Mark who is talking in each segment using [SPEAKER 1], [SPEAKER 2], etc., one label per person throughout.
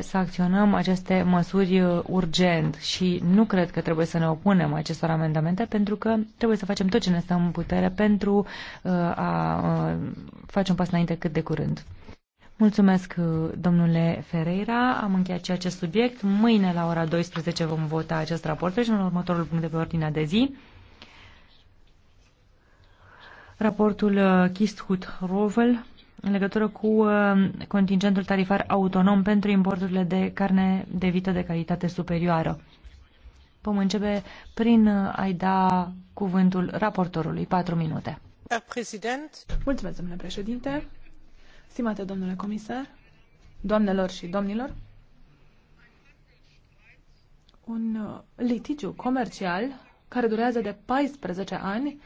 [SPEAKER 1] să acționăm aceste măsuri uh, urgent și nu cred că trebuie să ne opunem acestor amendamente pentru că trebuie să facem tot ce ne stă în putere pentru uh, a uh, face un pas înainte cât de curând. Mulțumesc, domnule Ferreira. Am încheiat și acest subiect. Mâine, la ora 12, vom vota acest raport. Și în următorul punct de pe ordinea de zi. Raportul kisthut Rovel în legătură cu uh, contingentul tarifar autonom pentru importurile de carne de vită de calitate superioară. Vom începe prin uh, a-i da cuvântul raportorului. Patru minute.
[SPEAKER 2] Mulțumesc, domnule președinte. Stimate domnule comisar, doamnelor și domnilor, un uh, litigiu comercial care durează de 14 ani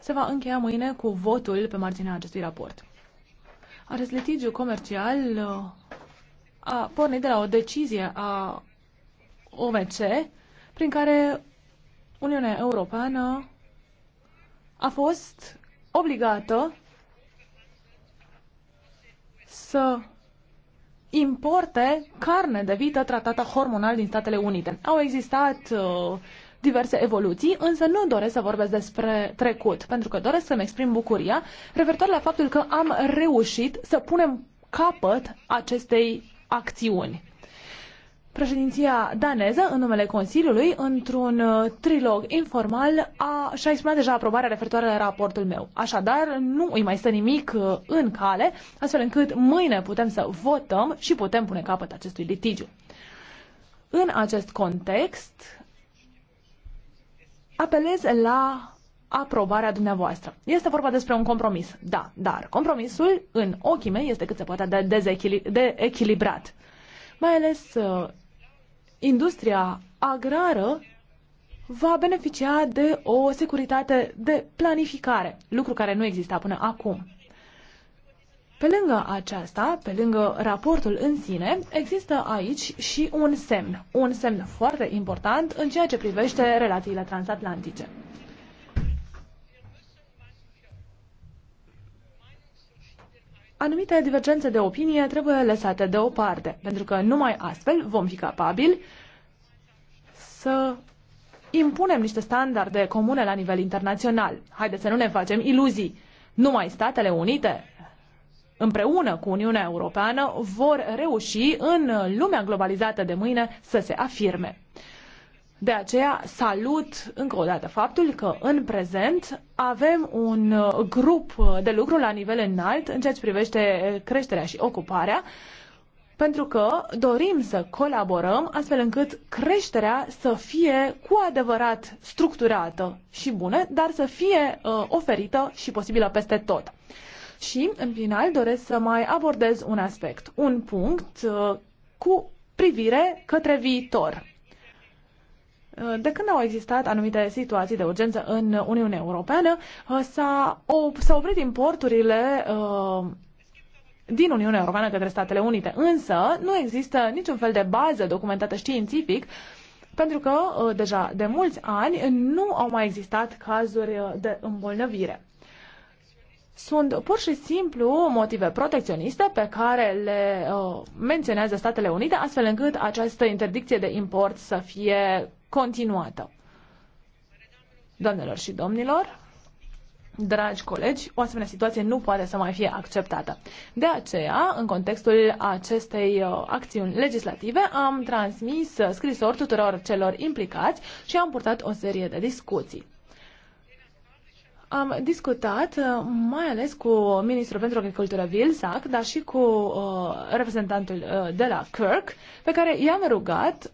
[SPEAKER 2] se va încheia mâine cu votul pe marginea acestui raport. Acest litigiu comercial uh, a pornit de la o decizie a OMC prin care Uniunea Europeană a fost obligată să importe carne de vită tratată hormonal din Statele Unite. Au existat uh, diverse evoluții, însă nu doresc să vorbesc despre trecut, pentru că doresc să-mi exprim bucuria referitor la faptul că am reușit să punem capăt acestei acțiuni. Președinția daneză, în numele Consiliului, într-un uh, trilog informal, a, și-a exprimat deja aprobarea referitoare la raportul meu. Așadar, nu îi mai stă nimic uh, în cale, astfel încât mâine putem să votăm și putem pune capăt acestui litigiu. În acest context, apelez la aprobarea dumneavoastră. Este vorba despre un compromis, da, dar compromisul în ochii mei este cât se poate de, dezechili- de echilibrat. Mai ales uh, industria agrară va beneficia de o securitate de planificare, lucru care nu exista până acum. Pe lângă aceasta, pe lângă raportul în sine, există aici și un semn, un semn foarte important în ceea ce privește relațiile transatlantice. Anumite divergențe de opinie trebuie lăsate deoparte, pentru că numai astfel vom fi capabili să impunem niște standarde comune la nivel internațional. Haideți să nu ne facem iluzii. Numai Statele Unite împreună cu Uniunea Europeană vor reuși în lumea globalizată de mâine să se afirme. De aceea salut încă o dată faptul că în prezent avem un grup de lucru la nivel înalt în ceea ce privește creșterea și ocuparea, pentru că dorim să colaborăm astfel încât creșterea să fie cu adevărat structurată și bună, dar să fie uh, oferită și posibilă peste tot. Și, în final, doresc să mai abordez un aspect, un punct uh, cu privire către viitor. Uh, de când au existat anumite situații de urgență în Uniunea Europeană, uh, s-a oprit importurile din Uniunea Europeană către Statele Unite. Însă, nu există niciun fel de bază documentată științific pentru că deja de mulți ani nu au mai existat cazuri de îmbolnăvire sunt pur și simplu motive protecționiste pe care le uh, menționează Statele Unite, astfel încât această interdicție de import să fie continuată. Doamnelor și domnilor, dragi colegi, o asemenea situație nu poate să mai fie acceptată. De aceea, în contextul acestei uh, acțiuni legislative, am transmis uh, scrisori tuturor celor implicați și am purtat o serie de discuții. Am discutat uh, mai ales cu ministrul pentru agricultură Vilsac, dar și cu uh, reprezentantul uh, de la Kirk, pe care i-am rugat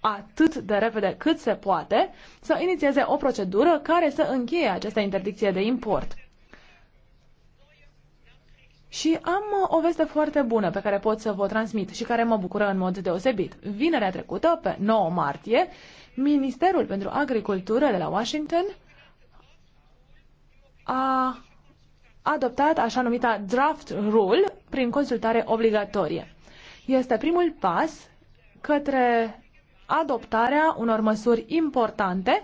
[SPEAKER 2] atât de repede cât se poate să inițieze o procedură care să încheie această interdicție de import. Și am uh, o veste foarte bună pe care pot să vă transmit și care mă bucură în mod deosebit. Vinerea trecută, pe 9 martie, Ministerul pentru Agricultură de la Washington a adoptat așa numita draft rule prin consultare obligatorie. Este primul pas către adoptarea unor măsuri importante,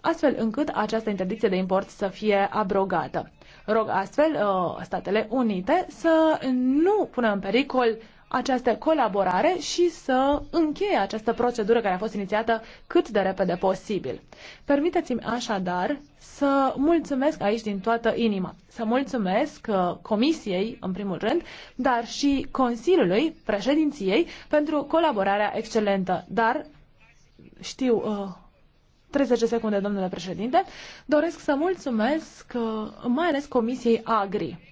[SPEAKER 2] astfel încât această interdicție de import să fie abrogată. Rog astfel uh, Statele Unite să nu pună în pericol această colaborare și să încheie această procedură care a fost inițiată cât de repede posibil. Permiteți-mi așadar să mulțumesc aici din toată inima, să mulțumesc uh, Comisiei, în primul rând, dar și Consiliului, președinției, pentru colaborarea excelentă. Dar știu, 30 uh, secunde, domnule președinte, doresc să mulțumesc uh, mai ales Comisiei Agri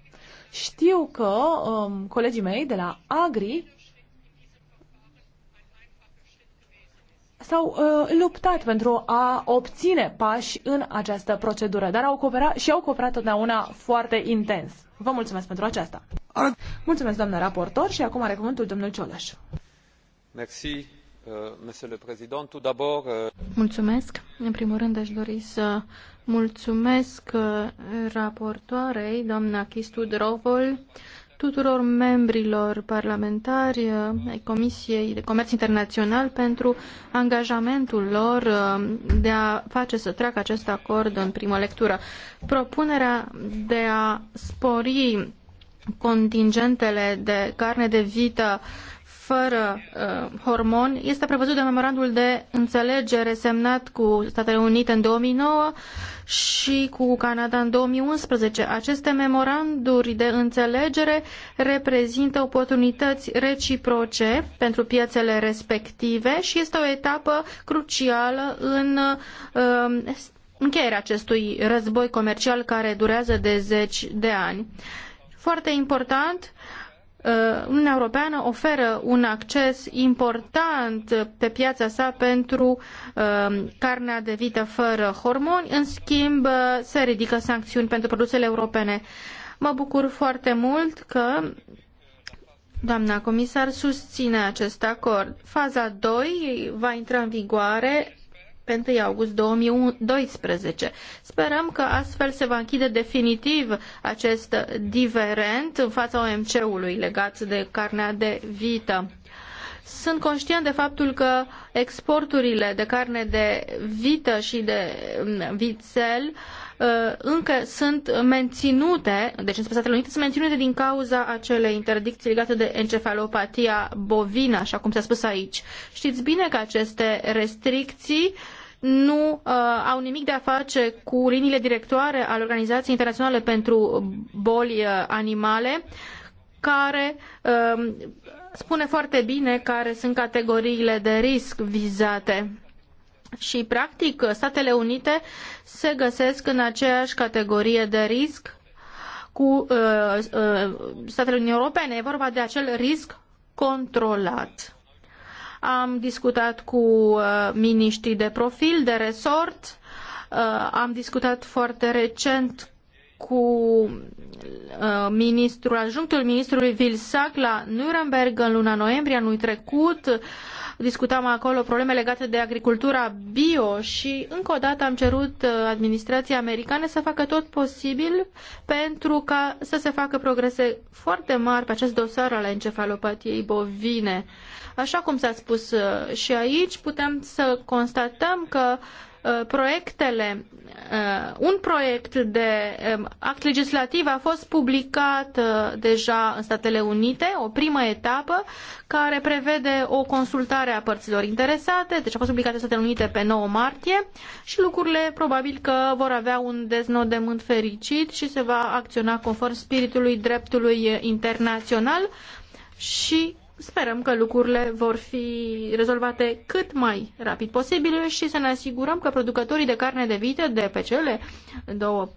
[SPEAKER 2] știu că um, colegii mei de la Agri s-au uh, luptat pentru a obține pași în această procedură, dar au cooperat și au cooperat totdeauna foarte intens. Vă mulțumesc pentru aceasta. Mulțumesc, doamnă raportor, și acum are cuvântul domnul Cioloș.
[SPEAKER 3] Merci, uh, le Tout uh, Mulțumesc.
[SPEAKER 4] În primul rând aș dori să Mulțumesc uh, raportoarei, doamna Chistu tuturor membrilor parlamentari uh, ai Comisiei de Comerț Internațional pentru angajamentul lor uh, de a face să treacă acest acord în primă lectură. Propunerea de a spori contingentele de carne de vită fără uh, hormon este prevăzut de memorandul de înțelegere semnat cu Statele Unite în 2009 și cu Canada în 2011. Aceste memoranduri de înțelegere reprezintă oportunități reciproce pentru piețele respective și este o etapă crucială în uh, încheierea acestui război comercial care durează de zeci de ani. Foarte important, uh, Uh, Uniunea Europeană oferă un acces important pe piața sa pentru uh, carnea de vită fără hormoni, în schimb uh, se ridică sancțiuni pentru produsele europene. Mă bucur foarte mult că doamna comisar susține acest acord. Faza 2 va intra în vigoare pe 1 august 2012. Sperăm că astfel se va închide definitiv acest diverent în fața OMC-ului legat de carnea de vită. Sunt conștient de faptul că exporturile de carne de vită și de mm, vițel uh, încă sunt menținute, deci în Statele Unite, sunt menținute din cauza acelei interdicții legate de encefalopatia bovină, așa cum s-a spus aici. Știți bine că aceste restricții uh, nu uh, au nimic de a face cu liniile directoare ale Organizației Internaționale pentru Boli uh, Animale, care uh, spune foarte bine care sunt categoriile de risc vizate. Și, practic, Statele Unite se găsesc în aceeași categorie de risc cu uh, uh, Statele Unii Europene. E vorba de acel risc controlat am discutat cu uh, miniștrii de profil, de resort, uh, am discutat foarte recent cu uh, ministrul, al ministrului Vilsac la Nuremberg în luna noiembrie anul trecut. Discutam acolo probleme legate de agricultura bio și încă o dată am cerut administrației americane să facă tot posibil pentru ca să se facă progrese foarte mari pe acest dosar al encefalopatiei bovine. Așa cum s-a spus uh, și aici, putem să constatăm că uh, proiectele, uh, un proiect de um, act legislativ a fost publicat deja în Statele Unite, o primă etapă care prevede o consultare a părților interesate, deci a fost publicat în Statele Unite pe 9 martie și lucrurile probabil că vor avea un deznodământ fericit și se va acționa conform spiritului dreptului internațional și sperăm că lucrurile vor fi rezolvate cât mai rapid posibil și să ne asigurăm că producătorii de carne de vită de pe cele două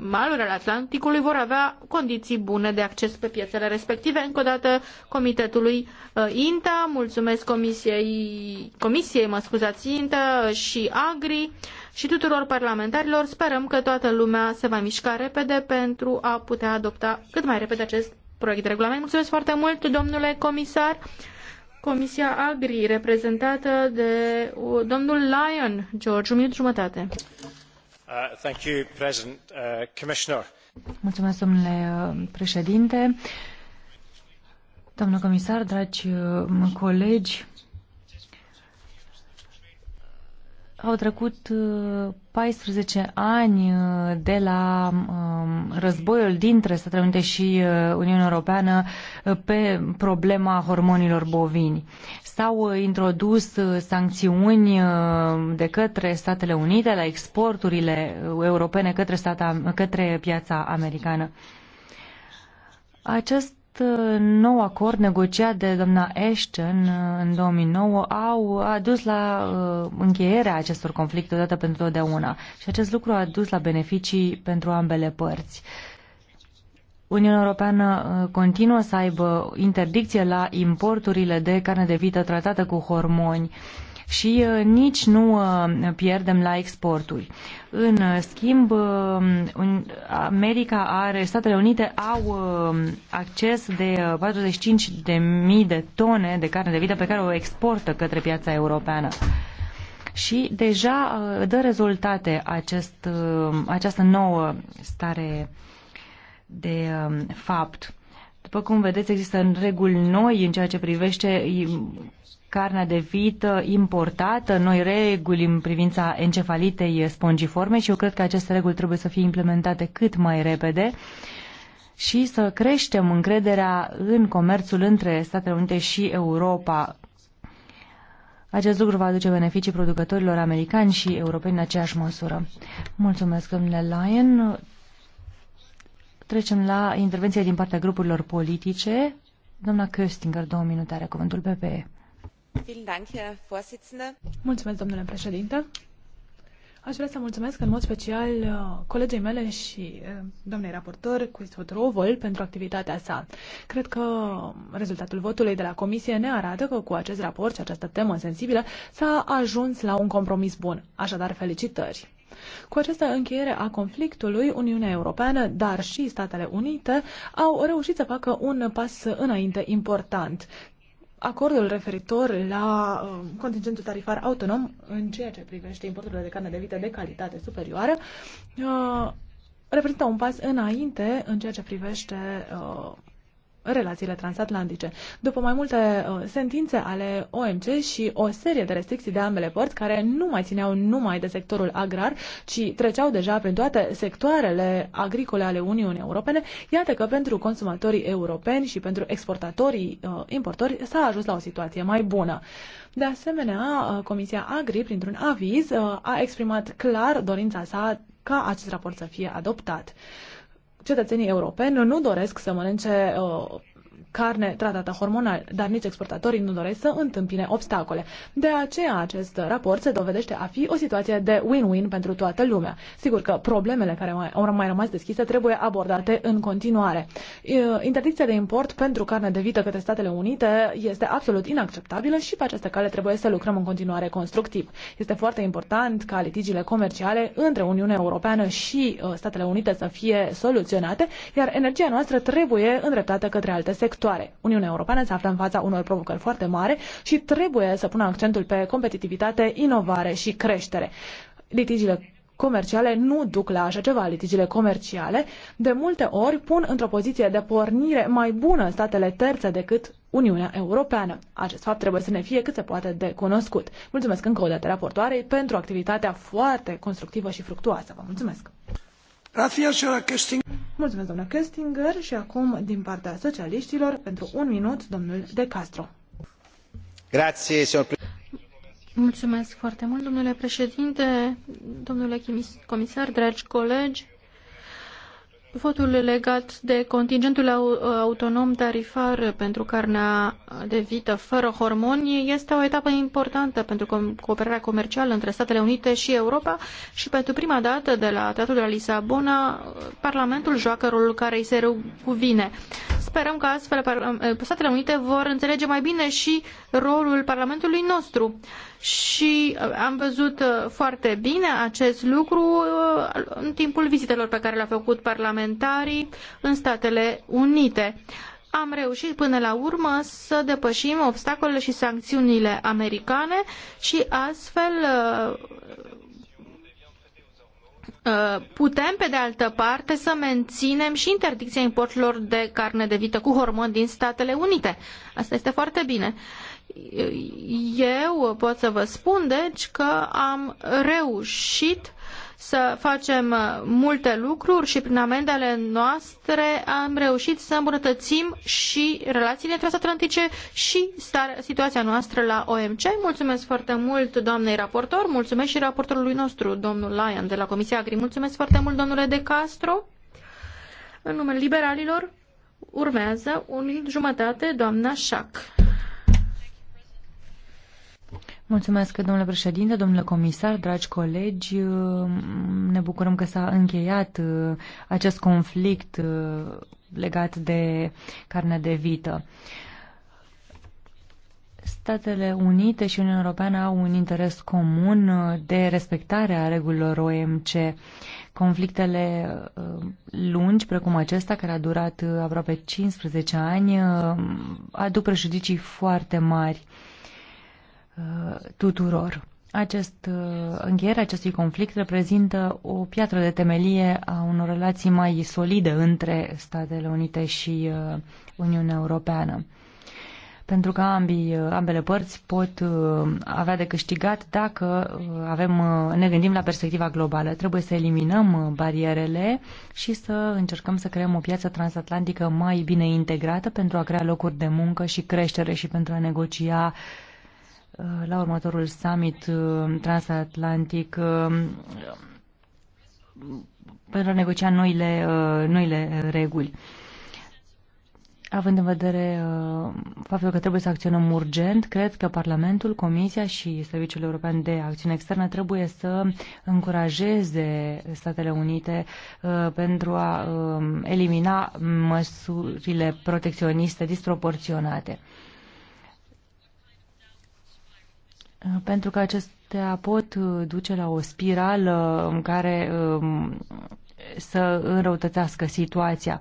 [SPEAKER 4] maluri ale Atlanticului vor avea condiții bune de acces pe piețele respective. Încă o dată Comitetului uh, INTA, mulțumesc Comisiei, comisiei mă scuzați, INTA și AGRI și tuturor parlamentarilor. Sperăm că toată lumea se va mișca repede pentru a putea adopta cât mai repede acest proiect de regulament. Mulțumesc foarte mult, domnule comisar. Comisia Agri, reprezentată de domnul Lyon George, un minut jumătate. Uh, thank you, President, uh, Commissioner. Mulțumesc, domnule
[SPEAKER 1] uh, președinte. Domnul comisar, dragi uh, colegi, au trecut 14 uh, ani de la războiul dintre Statele Unite și uh, Uniunea Europeană uh, pe problema hormonilor bovini. S-au uh, introdus sancțiuni de către Statele Unite la exporturile europene către, stata, către piața americană. Acest acest uh, nou acord negociat de doamna Ashton uh, în 2009 au adus la uh, încheierea acestor conflicte odată pentru totdeauna și acest lucru a dus la beneficii pentru ambele părți. Uniunea Europeană continuă să aibă interdicție la importurile de carne de vită tratată cu hormoni. Uh, și uh, nici nu uh, pierdem la exporturi. În uh, schimb, America are, Statele Unite au acces de 45.000 de tone de carne de vită pe care o exportă către piața europeană și deja dă rezultate acest, această nouă stare de um, fapt. După cum vedeți, există reguli noi în ceea ce privește carnea de vită uh, importată, noi reguli în privința encefalitei spongiforme și eu cred că aceste reguli trebuie să fie implementate cât mai repede și să creștem încrederea în comerțul între Statele Unite și Europa. Acest lucru va aduce beneficii producătorilor americani și europeni în aceeași măsură. Mulțumesc, domnule Lyon. Trecem la intervenția din partea grupurilor politice. Doamna Köstinger, două minute, are cuvântul PPE.
[SPEAKER 2] Mulțumesc, domnule președinte. Aș vrea să mulțumesc în mod special uh, colegei mele și uh, doamnei raportor, Cuistut Rovol, pentru activitatea sa. Cred că rezultatul votului de la comisie ne arată că cu acest raport și această temă sensibilă s-a ajuns la un compromis bun. Așadar, felicitări! Cu această încheiere a conflictului, Uniunea Europeană, dar și Statele Unite, au reușit să facă un pas înainte important acordul referitor la um, contingentul tarifar autonom în ceea ce privește importurile de carne de vită de calitate superioară uh, reprezintă un pas înainte în ceea ce privește uh, relațiile transatlantice. După mai multe uh, sentințe ale OMC și o serie de restricții de ambele părți care nu mai țineau numai de sectorul agrar, ci treceau deja prin toate sectoarele agricole ale Uniunii Europene, iată că pentru consumatorii europeni și pentru exportatorii uh, importori s-a ajuns la o situație mai bună. De asemenea, uh, Comisia Agri, printr-un aviz, a exprimat clar dorința sa ca acest raport să fie adoptat cetățenii europeni nu doresc să mănânce uh, carne tratată hormonal, dar nici exportatorii nu doresc să întâmpine obstacole. De aceea, acest raport se dovedește a fi o situație de win-win pentru toată lumea. Sigur că problemele care mai, au mai rămas deschise trebuie abordate în continuare. Interdicția de import pentru carne de vită către Statele Unite este absolut inacceptabilă și pe această cale trebuie să lucrăm în continuare constructiv. Este foarte important ca litigiile comerciale între Uniunea Europeană și uh, Statele Unite să fie soluționate, iar energia noastră trebuie îndreptată către alte sectoare viitoare. Uniunea Europeană se află în fața unor provocări foarte mari și trebuie să pună accentul pe competitivitate, inovare și creștere. Litigiile comerciale nu duc la așa ceva. Litigiile comerciale de multe ori pun într-o poziție de pornire mai bună statele terțe decât Uniunea Europeană. Acest fapt trebuie să ne fie cât se poate de cunoscut. Mulțumesc încă o dată raportoarei pentru activitatea foarte constructivă și fructuoasă. Vă mulțumesc! Mulțumesc, doamna Kestinger. Și acum, din partea socialiștilor, pentru un minut, domnul De Castro.
[SPEAKER 4] Grazie, Mulțumesc foarte mult, domnule președinte, domnule comisar, dragi colegi votul legat de contingentul autonom tarifar pentru carnea de vită fără hormoni este o etapă importantă pentru cooperarea comercială între Statele Unite și Europa și pentru prima dată de la Tratatul de la Lisabona, Parlamentul joacă rolul care îi se cuvine. Sperăm că astfel Statele Unite vor înțelege mai bine și rolul Parlamentului nostru și uh, am văzut uh, foarte bine acest lucru uh, în timpul vizitelor pe care le-au făcut parlamentarii în Statele Unite. Am reușit până la urmă să depășim obstacolele și sancțiunile americane și astfel putem, pe de altă parte, să menținem și interdicția importurilor de carne de vită cu hormon din Statele Unite. Asta este foarte bine. Uh, eu pot să vă spun, deci, că am reușit să facem multe lucruri și prin amendele noastre am reușit să îmbunătățim și relațiile transatlantice și stare, situația noastră la OMC. Mulțumesc foarte mult doamnei raportor, mulțumesc și raportorului nostru, domnul Lyon de la Comisia Agri. Mulțumesc foarte mult, domnule De Castro. În numele liberalilor urmează un minut jumătate doamna Șac.
[SPEAKER 1] Mulțumesc, domnule președinte, domnule comisar, dragi colegi. Ne bucurăm că s-a încheiat uh, acest conflict uh, legat de carne de vită. Statele Unite și Uniunea Europeană au un interes comun uh, de respectare a regulilor OMC. Conflictele lungi, precum acesta, care a durat aproape 15 ani, aduc prejudicii foarte mari Uh, tuturor. Acest uh, încheiere acestui conflict reprezintă o piatră de temelie a unor relații mai solide între Statele Unite și uh, Uniunea Europeană. Pentru că ambii, ambele părți pot avea de câștigat dacă avem, ne gândim la perspectiva globală. Trebuie să eliminăm barierele și să încercăm să creăm o piață transatlantică mai bine integrată pentru a crea locuri de muncă și creștere și pentru a negocia uh, Uh, la următorul summit uh, transatlantic uh, pentru a negocia noile, noile reguli. Având în vedere faptul că trebuie să acționăm urgent, cred că Parlamentul, Comisia și Serviciul European de Acțiune Externă trebuie să încurajeze Statele Unite pentru a um, elimina măsurile protecționiste disproporționate. pentru că acestea pot uh, duce la o spirală în care um, să înrăutățească situația.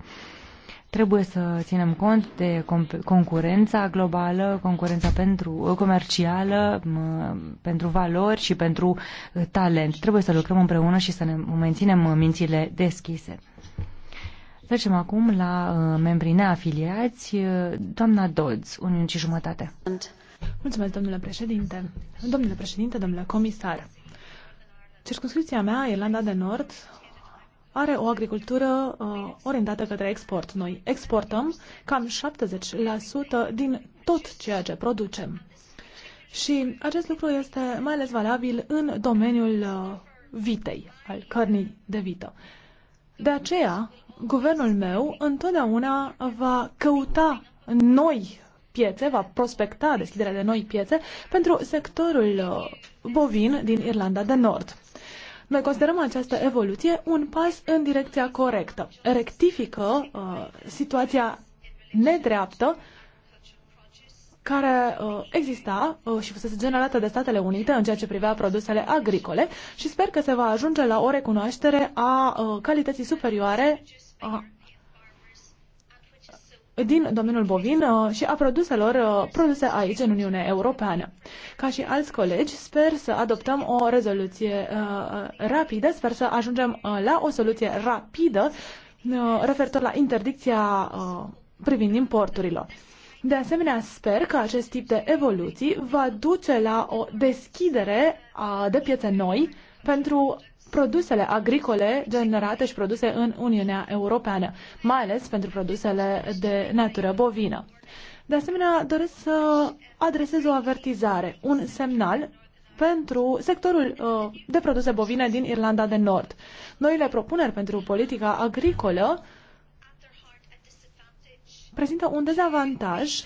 [SPEAKER 1] Trebuie să ținem cont de concurența globală, concurența pentru, uh, comercială, um, pentru valori și pentru uh, talent. Trebuie să lucrăm împreună și să ne menținem mințile deschise. Trecem acum la membrii neafiliați. Doamna Dodds, un și jumătate.
[SPEAKER 2] Mulțumesc, domnule președinte. Domnule președinte, domnule comisar. Circunscripția mea, Irlanda de Nord, are o agricultură uh, orientată către export. Noi exportăm cam 70% din tot ceea ce producem. Și acest lucru este mai ales valabil în domeniul uh, vitei, al cărnii de vită. De aceea, guvernul meu întotdeauna va căuta noi piețe, va prospecta deschiderea de noi piețe pentru sectorul uh, bovin din Irlanda de Nord. Noi considerăm această evoluție un pas în direcția corectă. Rectifică uh, situația nedreaptă care uh, exista uh, și fusese generată de Statele Unite în ceea ce privea produsele agricole și sper că se va ajunge la o recunoaștere a uh, calității superioare a din domeniul bovin uh, și a produselor uh, produse aici în Uniunea Europeană. Ca și alți colegi, sper să adoptăm o rezoluție uh, rapidă, sper să ajungem la o soluție rapidă referitor la interdicția privind importurilor. De asemenea, sper că acest tip de evoluții va duce la o deschidere de piețe noi pentru produsele agricole generate și produse în Uniunea Europeană, mai ales pentru produsele de natură bovină. De asemenea, doresc să adresez o avertizare, un semnal pentru sectorul uh, de produse bovine din Irlanda de Nord. Noile propuneri pentru politica agricolă prezintă un dezavantaj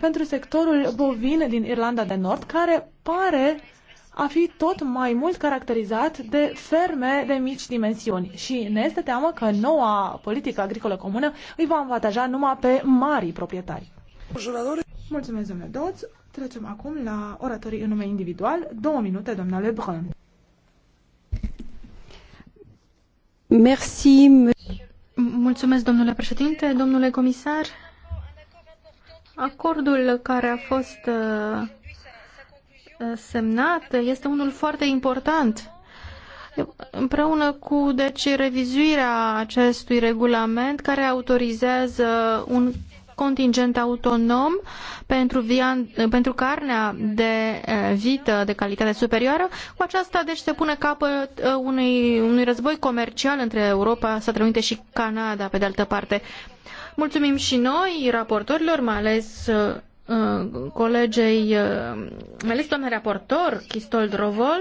[SPEAKER 2] pentru sectorul bovin din Irlanda de Nord, care pare a fi tot mai mult caracterizat de ferme de mici dimensiuni și ne este teamă că noua politică agricolă comună îi va avantaja numai pe mari proprietari. Mulțumesc, domnule Doț. Trecem acum la oratorii în nume individual. Două minute, domnule Lebrun.
[SPEAKER 4] Merci. Mulțumesc, domnule președinte, domnule comisar. Acordul care a fost uh, Eh, semnat este unul foarte important. Împreună cu deci, revizuirea acestui regulament care autorizează un contingent autonom pentru, vian, pentru carnea de eh, vită de calitate superioară. Cu aceasta deci se pune capăt eh, unui, unui război comercial între Europa, Statele Unite și Canada, pe de altă parte. Mulțumim și noi, raportorilor, mai ales Uh, colegei uh, Melis, doamne raportor, Chistol Drovol,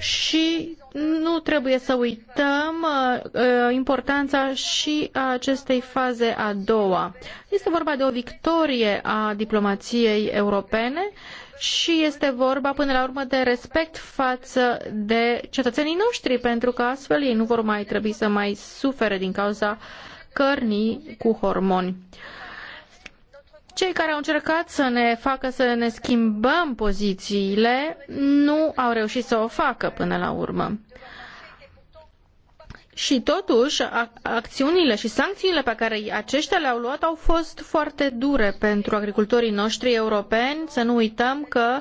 [SPEAKER 4] și nu trebuie să uităm uh, importanța și a acestei faze a doua. Este vorba de o victorie a diplomației europene și este vorba până la urmă de respect față de cetățenii noștri, pentru că astfel ei nu vor mai trebui să mai sufere din cauza cărnii cu hormoni. Uh, cei care au încercat să ne facă să ne schimbăm pozițiile nu au reușit să o facă până la urmă și totuși acțiunile și sancțiunile pe care aceștia le-au luat au fost foarte dure pentru agricultorii noștri europeni. Să nu uităm că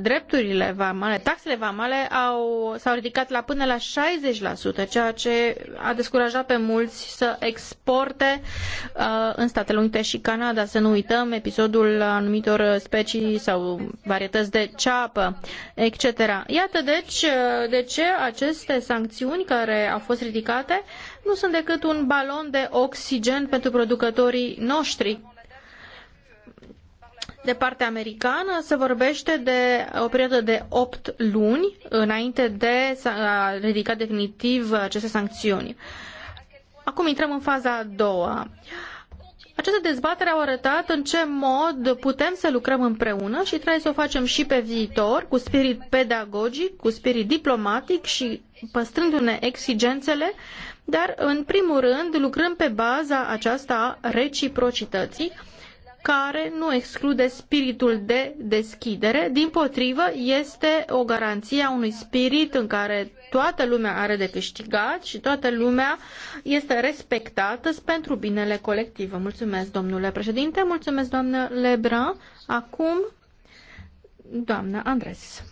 [SPEAKER 4] drepturile vamale, taxele vamale au, s-au ridicat la până la 60%, ceea ce a descurajat pe mulți să exporte uh, în Statele Unite și Canada. Să nu uităm episodul anumitor specii sau varietăți de ceapă, etc. Iată deci uh, de ce aceste sancțiuni care au fost ridicate nu sunt decât un balon de oxigen pentru producătorii noștri. De partea americană se vorbește de o perioadă de opt luni înainte de a ridica definitiv aceste sancțiuni. Acum intrăm în faza a doua. Această dezbatere au arătat în ce mod putem să lucrăm împreună și trebuie să o facem și pe viitor, cu spirit pedagogic, cu spirit diplomatic și păstrându-ne exigențele, dar în primul rând lucrăm pe baza aceasta a reciprocității, care nu exclude spiritul de deschidere, din potrivă este o garanție a unui spirit în care toată lumea are de câștigat și toată lumea este respectată pentru binele colectiv. Mulțumesc, domnule președinte, mulțumesc, doamnă Lebrun. Acum, doamna Andres.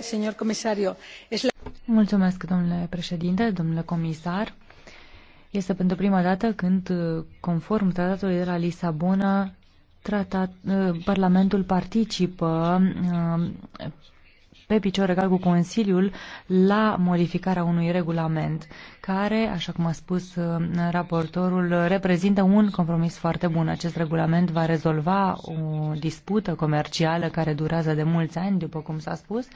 [SPEAKER 4] Señor comisario, es
[SPEAKER 1] Mulțumesc, domnule președinte, domnule comisar. Este pentru prima dată când, conform tratatului de la Lisabona, tratat, ă, Parlamentul participă ă, pe picior egal cu Consiliul la modificarea unui regulament care, așa cum a spus ă, raportorul, reprezintă un compromis foarte bun. Acest regulament va rezolva o dispută comercială care durează de mulți ani, după cum s-a spus,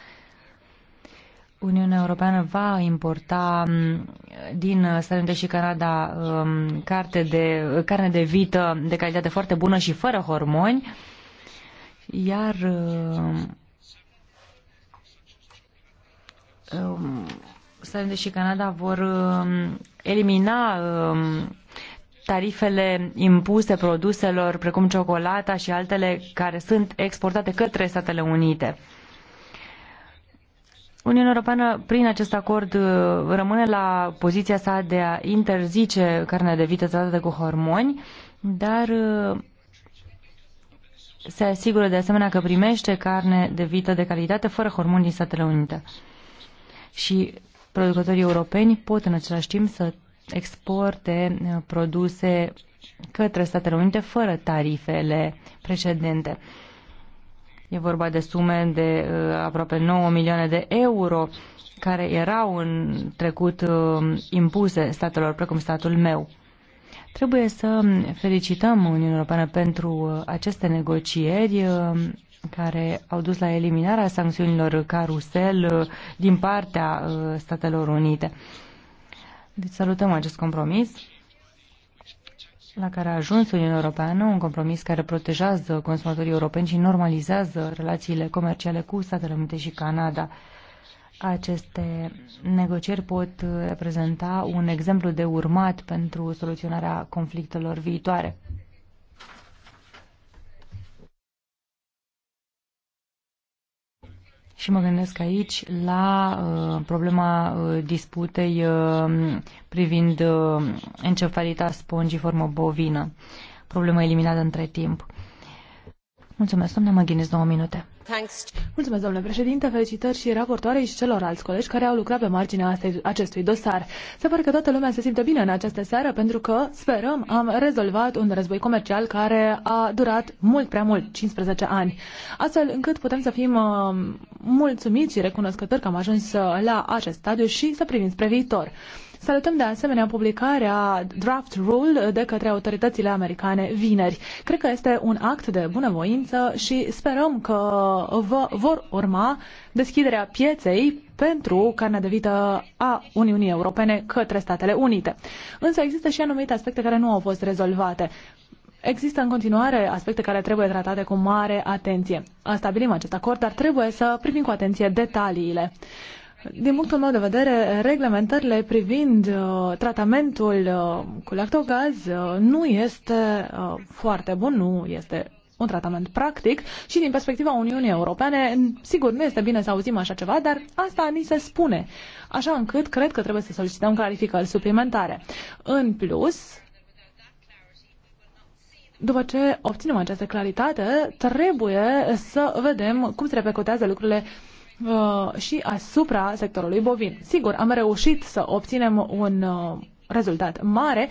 [SPEAKER 1] Uniunea Europeană va importa mm, din Statele și Canada mm, carte de, carne de vită de calitate foarte bună și fără hormoni, iar mm, Statele și Canada vor elimina tarifele impuse produselor precum ciocolata și altele care sunt exportate către Statele Unite. Uniunea Europeană, prin acest acord, uh, rămâne la poziția sa de a interzice carnea de vită tratată cu hormoni, dar uh, se asigură de asemenea că primește carne de vită de calitate fără hormoni din Statele Unite. Și producătorii europeni pot în același timp să exporte uh, produse către Statele Unite fără tarifele precedente. E vorba de sume de uh, aproape 9 milioane de euro care erau în trecut uh, impuse statelor precum statul meu. Trebuie să felicităm Uniunea Europeană pentru uh, aceste negocieri care au dus la eliminarea sancțiunilor carusel din partea Statelor Unite. Deci salutăm acest compromis la care a ajuns Uniunea Europeană, un compromis care protejează consumatorii europeni și normalizează relațiile comerciale cu Statele Unite și Canada. Aceste negocieri pot reprezenta un exemplu de urmat pentru soluționarea conflictelor viitoare. Și mă gândesc aici la uh, problema uh, disputei uh, privind uh, encefalita spongiformă bovină, problema eliminată între timp. Mulțumesc, doamna Măghinis, două minute.
[SPEAKER 2] Mulțumesc, domnule președinte, felicitări și raportoarei și celorlalți colegi care au lucrat pe marginea acestui dosar. Se pare că toată lumea se simte bine în această seară pentru că, sperăm, am rezolvat un război comercial care a durat mult prea mult, 15 ani. Astfel încât putem să fim uh, mulțumiți și recunoscători că am ajuns uh, la acest stadiu și să privim spre viitor. Salutăm de asemenea publicarea draft rule de către autoritățile americane vineri. Cred că este un act de bunăvoință și sperăm că vă vor urma deschiderea pieței pentru carnea de vită a Uniunii Europene către Statele Unite. Însă există și anumite aspecte care nu au fost rezolvate. Există în continuare aspecte care trebuie tratate cu mare atenție. Stabilim acest acord, dar trebuie să privim cu atenție detaliile. Din punctul meu de vedere, reglementările privind uh, tratamentul uh, cu lactogaz uh, nu este uh, foarte bun, nu este un tratament practic și din perspectiva Uniunii Europene, sigur, nu este bine să auzim așa ceva, dar asta ni se spune, așa încât cred că trebuie să solicităm clarificări suplimentare. În plus, după ce obținem această claritate, trebuie să vedem cum se repercutează lucrurile uh, Uh, și asupra sectorului bovin. Sigur, am reușit să obținem un uh, rezultat mare,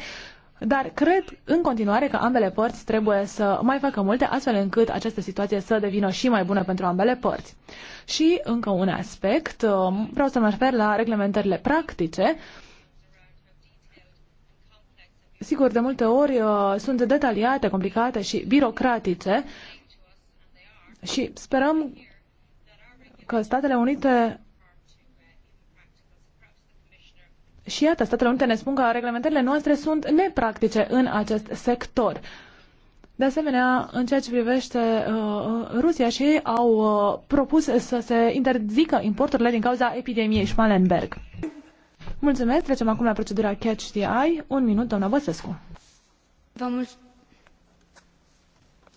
[SPEAKER 2] dar cred în continuare că ambele părți trebuie să mai facă multe astfel încât această situație să devină și mai bună pentru ambele părți. Și încă un aspect, uh, vreau să mă refer la reglementările practice. Sigur, de multe ori sunt detaliate, complicate și birocratice și sperăm că Statele Unite și iată, Statele Unite ne spun că reglementările noastre sunt nepractice în acest sector. De asemenea, în ceea ce privește uh, Rusia și ei au uh, propus să se interzică importurile din cauza epidemiei Schmallenberg. Mulțumesc. Trecem acum la procedura Catch the Eye. Un minut, doamna Băsescu.
[SPEAKER 3] Vă mulțumesc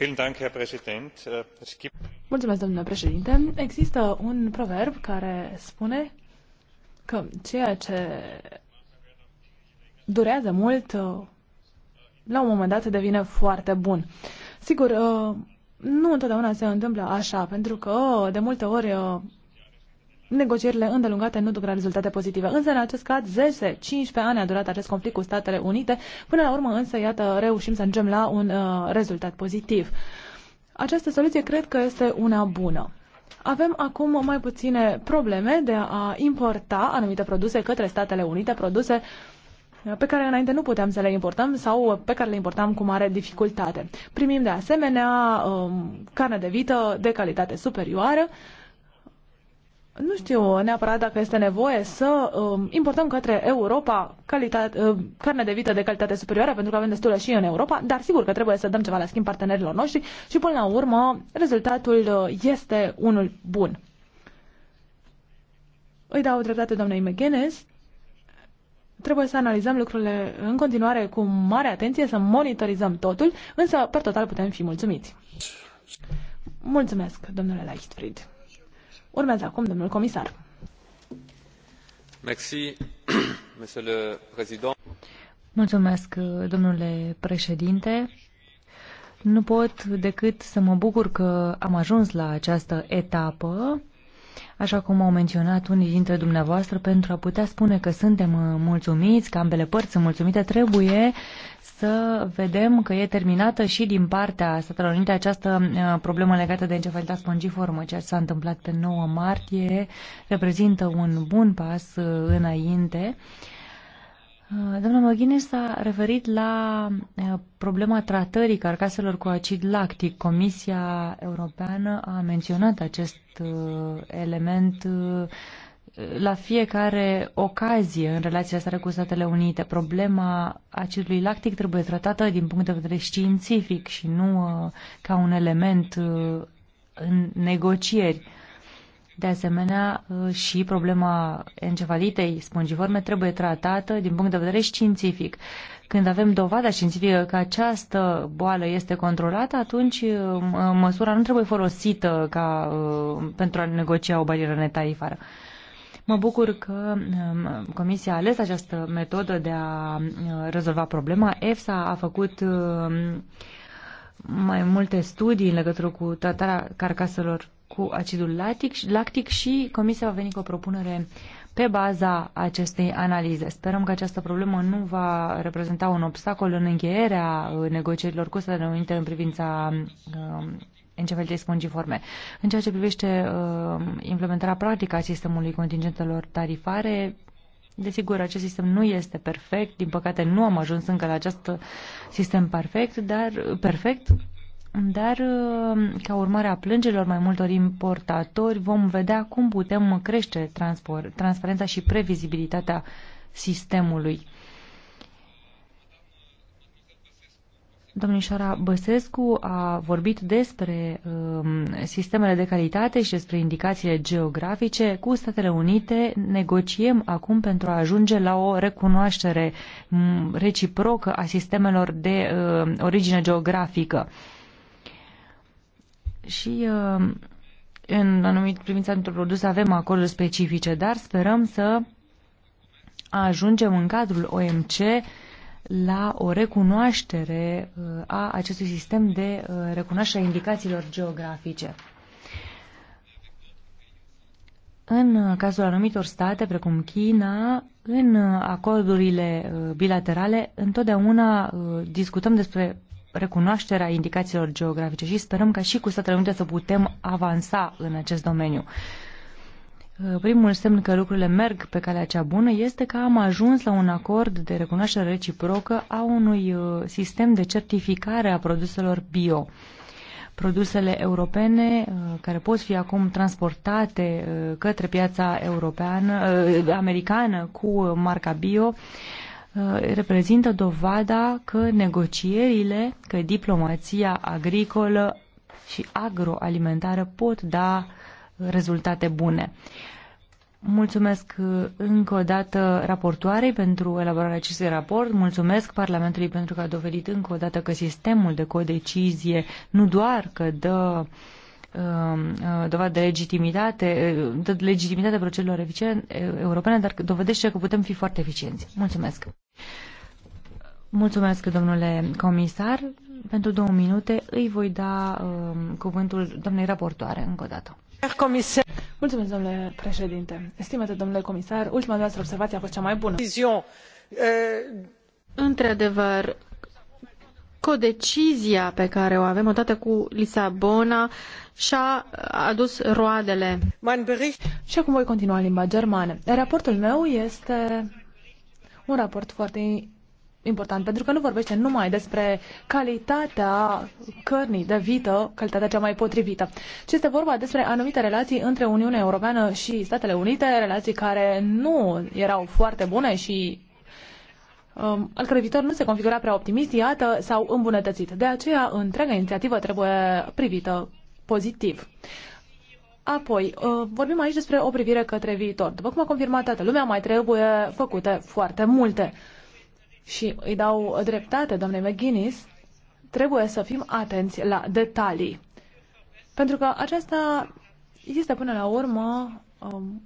[SPEAKER 4] Äh,
[SPEAKER 2] Mulțumesc, domnule președinte. Există un proverb care spune că ceea ce durează mult, uh, la un moment dat devine foarte bun. Sigur, uh, nu întotdeauna se întâmplă așa, pentru că de multe ori uh, negocierile îndelungate nu duc la rezultate pozitive. Însă, în acest caz, 10-15 ani a durat acest conflict cu Statele Unite. Până la urmă, însă, iată, reușim să ajungem la un uh, rezultat pozitiv. Această soluție cred că este una bună. Avem acum mai puține probleme de a importa anumite produse către Statele Unite, produse uh, pe care înainte nu puteam să le importăm sau uh, pe care le importam cu mare dificultate. Primim de asemenea um, carne de vită de calitate superioară, uh, nu știu neapărat dacă este nevoie să uh, importăm către Europa calitate, uh, carne de vită de calitate superioară, pentru că avem destulă și în Europa, dar sigur că trebuie să dăm ceva la schimb partenerilor noștri și până la urmă rezultatul uh, este unul bun. Îi dau dreptate doamnei McGuinness. Trebuie să analizăm lucrurile în continuare cu mare atenție, să monitorizăm totul, însă, per total, putem fi mulțumiți. Mulțumesc, domnule Leichtfried. Urmează acum domnul comisar.
[SPEAKER 3] Merci, monsieur le président.
[SPEAKER 2] Mulțumesc,
[SPEAKER 1] domnule președinte. Nu pot decât să mă bucur că am ajuns la această etapă, așa cum au menționat unii dintre dumneavoastră, pentru a putea spune că suntem mulțumiți, că ambele părți sunt mulțumite, trebuie să vedem că e terminată și din partea Statelor Unite această uh, problemă legată de encefalita spongiformă. Ceea ce s-a întâmplat pe 9 martie reprezintă un bun pas uh, înainte. Uh, Doamna Măghine s-a referit la problema tratării carcaselor cu acid lactic. Comisia Europeană a menționat acest element la fiecare ocazie în relația asta cu Statele Unite. Problema acidului lactic trebuie tratată din punct de vedere științific și nu uh, ca un element uh, în negocieri. De asemenea, uh, și problema encefalitei spongiforme trebuie tratată din punct de vedere științific. Când avem dovada științifică că această boală este controlată, atunci măsura nu trebuie folosită ca, pentru a negocia o barieră netarifară. Mă bucur că um, Comisia a ales această metodă de a uh, rezolva problema. EFSA a făcut um, mai multe studii în legătură cu tratarea carcaselor cu acidul lactic, și Comisia va veni cu o propunere pe baza acestei analize. Sperăm că această problemă nu va reprezenta un obstacol în încheierea uh, negocierilor cu Statele Unite în privința um, de spongiforme. În ceea ce privește uh, implementarea practică a sistemului contingentelor tarifare, Desigur, acest sistem nu este perfect, din păcate nu am ajuns încă la acest sistem perfect, dar, perfect, dar uh, ca urmare a plângerilor mai multor importatori vom vedea cum putem crește transparența și previzibilitatea sistemului. Domnișoara Băsescu a vorbit despre um, sistemele de calitate și despre indicațiile geografice. Cu Statele Unite negociem acum pentru a ajunge la o recunoaștere um, reciprocă a sistemelor de um, origine geografică. Și um, în anumit privința într un produs avem acorduri specifice, dar sperăm să ajungem în cadrul OMC uh, la o recunoaștere uh, a acestui sistem de uh, recunoaștere a indicațiilor geografice. În cazul anumitor state, precum China, în acordurile uh, bilaterale, întotdeauna discutăm despre recunoașterea indicațiilor geografice și sperăm ca și cu Statele Unite să putem avansa în acest domeniu. Uh, primul semn că lucrurile merg pe calea cea bună este că am ajuns la un acord de recunoaștere reciprocă a unui uh, sistem de certificare a produselor bio. Produsele europene uh, care pot fi acum transportate către piața europeană, americană cu marca bio reprezintă dovada că negocierile, că diplomația agricolă și agroalimentară pot da uh, rezultate bune. Mulțumesc uh, încă o dată raportoarei pentru elaborarea acestui raport. Mulțumesc Parlamentului pentru că a dovedit încă o dată că sistemul de codecizie nu doar că dă um, uh, dovadă de legitimitate, uh, de legitimitate procedurilor europene, dar dovedește că putem fi foarte eficienți. Mulțumesc! Mulțumesc, domnule comisar. Pentru două minute îi voi da uh, cuvântul
[SPEAKER 2] doamnei raportoare încă o dată. Mulțumesc, domnule președinte. Stimate domnule comisar,
[SPEAKER 4] ultima noastră observație a fost cea mai bună. Eh, Într-adevăr, codecizia pe care o avem odată cu Lisabona și-a adus roadele. Și acum voi continua în limba germană.
[SPEAKER 2] Raportul meu este un raport foarte important, pentru că nu vorbește numai despre calitatea cărnii de vită, calitatea cea mai potrivită, ci este vorba despre anumite relații între Uniunea Europeană și Statele Unite, relații care nu erau foarte bune și um, al cărui viitor nu se configura prea optimist, iată, s-au îmbunătățit. De aceea, întreaga inițiativă trebuie privită pozitiv. Apoi, uh, vorbim aici despre o privire către viitor. După cum a confirmat toată lumea, mai trebuie făcute foarte multe și îi dau dreptate doamnei McGuinness, trebuie să fim atenți la detalii. Pentru că aceasta este până la urmă um,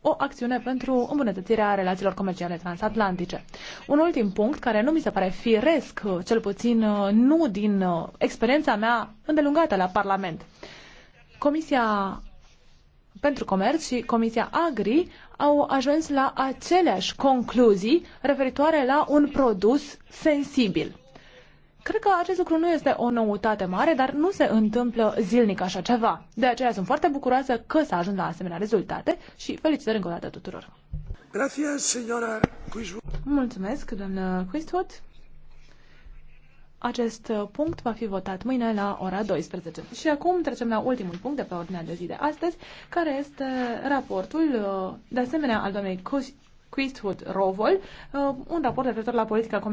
[SPEAKER 2] o acțiune pentru îmbunătățirea relațiilor comerciale transatlantice. Un ultim punct care nu mi se pare firesc, cel puțin uh, nu din uh, experiența mea îndelungată la Parlament. Comisia pentru Comerț și Comisia Agri au ajuns la aceleași concluzii referitoare la un produs sensibil. Cred că acest lucru nu este o noutate mare, dar nu se întâmplă zilnic așa ceva. De aceea sunt foarte bucuroasă că s-a ajuns la asemenea rezultate și felicitări încă o dată tuturor. Gracias, Mulțumesc, doamnă Quistwood. Acest uh, punct va fi votat mâine la ora 12. Și acum trecem la ultimul punct de pe ordinea de zi de astăzi, care este raportul, uh, de asemenea, al doamnei Christwood Rovol, uh, un raport referitor la politica comercială.